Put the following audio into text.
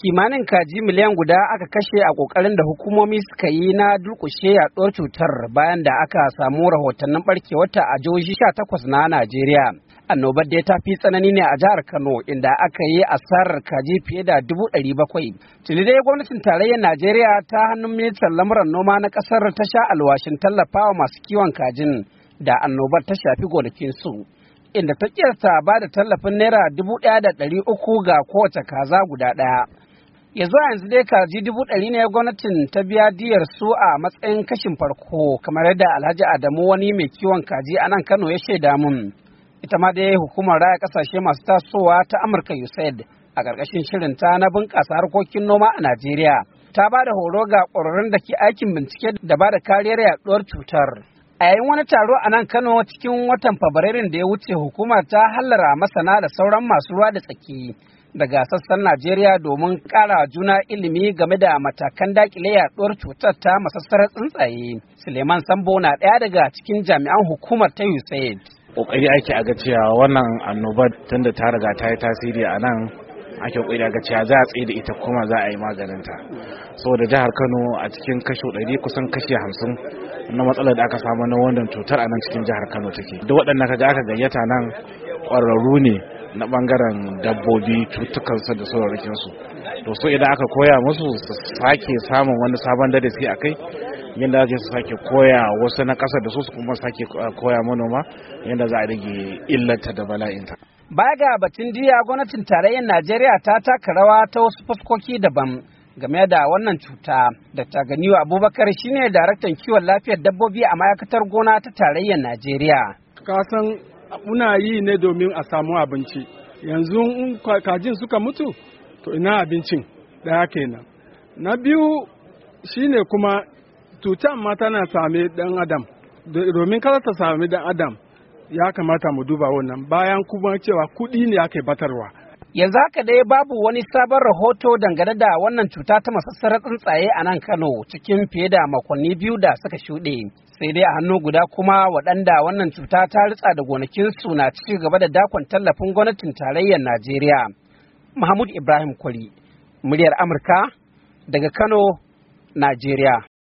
kimanin kaji miliyan guda aka kashe a kokarin da hukumomi suka yi na durkushe yaɗuwar cutar bayan da aka samu rahotannin barkewata a jihohi takwas na Najeriya. Annobar dai ta fi tsanani ne a jihar Kano inda aka yi asarar kaji fiye da dubu ɗari bakwai. Tuni dai gwamnatin tarayyar Najeriya ta hannun ministan lamuran noma na ƙasar ta sha alwashin tallafawa masu kiwon kajin da annobar ta shafi gonakin su, Inda ta kiyasta ba da tallafin naira dubu ɗaya da ɗari uku ga kowace kaza guda ɗaya. ya zo yanzu dai kaji dubu ɗari ne gwamnatin ta biya diyar su a matsayin kashin farko kamar yadda alhaji adamu wani mai kiwon kaji a nan kano ya shaida mun ita ma dai hukumar raya ƙasashe masu tasowa ta amurka usaid a ƙarƙashin shirin ta na bunƙasa harkokin noma a najeriya ta ba da horo ga ƙwararrun da ke aikin bincike da ba da kariyar yaɗuwar cutar A yayin wani taro a nan Kano cikin watan Fabrairun da ya wuce hukumar ta hallara masana da sauran masu ruwa da tsaki daga sassan Najeriya domin kara juna ilimi game da matakan dakile yaduwar cutar ta masassarar tsuntsaye. Suleiman Sambo na ɗaya daga cikin jami'an hukumar ta USAID. Ƙoƙari ake a ga cewa wannan annobar tunda ta riga ta yi tasiri a nan ake kokari ga cewa za a tsaye da ita kuma za a yi maganin ta saboda jihar Kano a cikin kashi 100 kusan kashi hamsin na matsalar da aka samu na wannan cutar a nan cikin jihar Kano take da waɗannan kaga aka gayyata nan ƙwararru ne na bangaren dabbobi cutukansu da sauraronsu to so idan aka koya musu su sake samun wani sabon darasi a kai yadda za su sake koya wasu na kasa da su kuma sake koya manoma yadda za a rage illata da bala'inta Baya ga batun jiya gwamnatin tarayyar Najeriya ta taka rawa ta wasu fuskoki daban game da wannan cuta. Dr. wa Abubakar shine daraktan kiwon lafiyar dabbobi a ma'aikatar gona ta tarayyar Najeriya. Kasan muna yi ne domin a samu abinci. Yanzu kajin suka mutu to ina abincin Ɗaya kenan. Na biyu shine kuma cutar ma tana same dan adam domin kada ta sami dan adam ya kamata mu duba wannan bayan kuma cewa kuɗi ne ake batarwa. Yanzu haka dai babu wani sabon rahoto dangane da wannan cuta ta masassarar tsuntsaye a nan Kano cikin fiye da makonni biyu da suka shuɗe. Sai dai a hannu guda kuma waɗanda wannan cuta ta ritsa da gonakinsu na ci gaba da dakon tallafin gwamnatin tarayyar Najeriya. Mahmud Ibrahim Kwari, muryar Amurka daga Kano, Najeriya.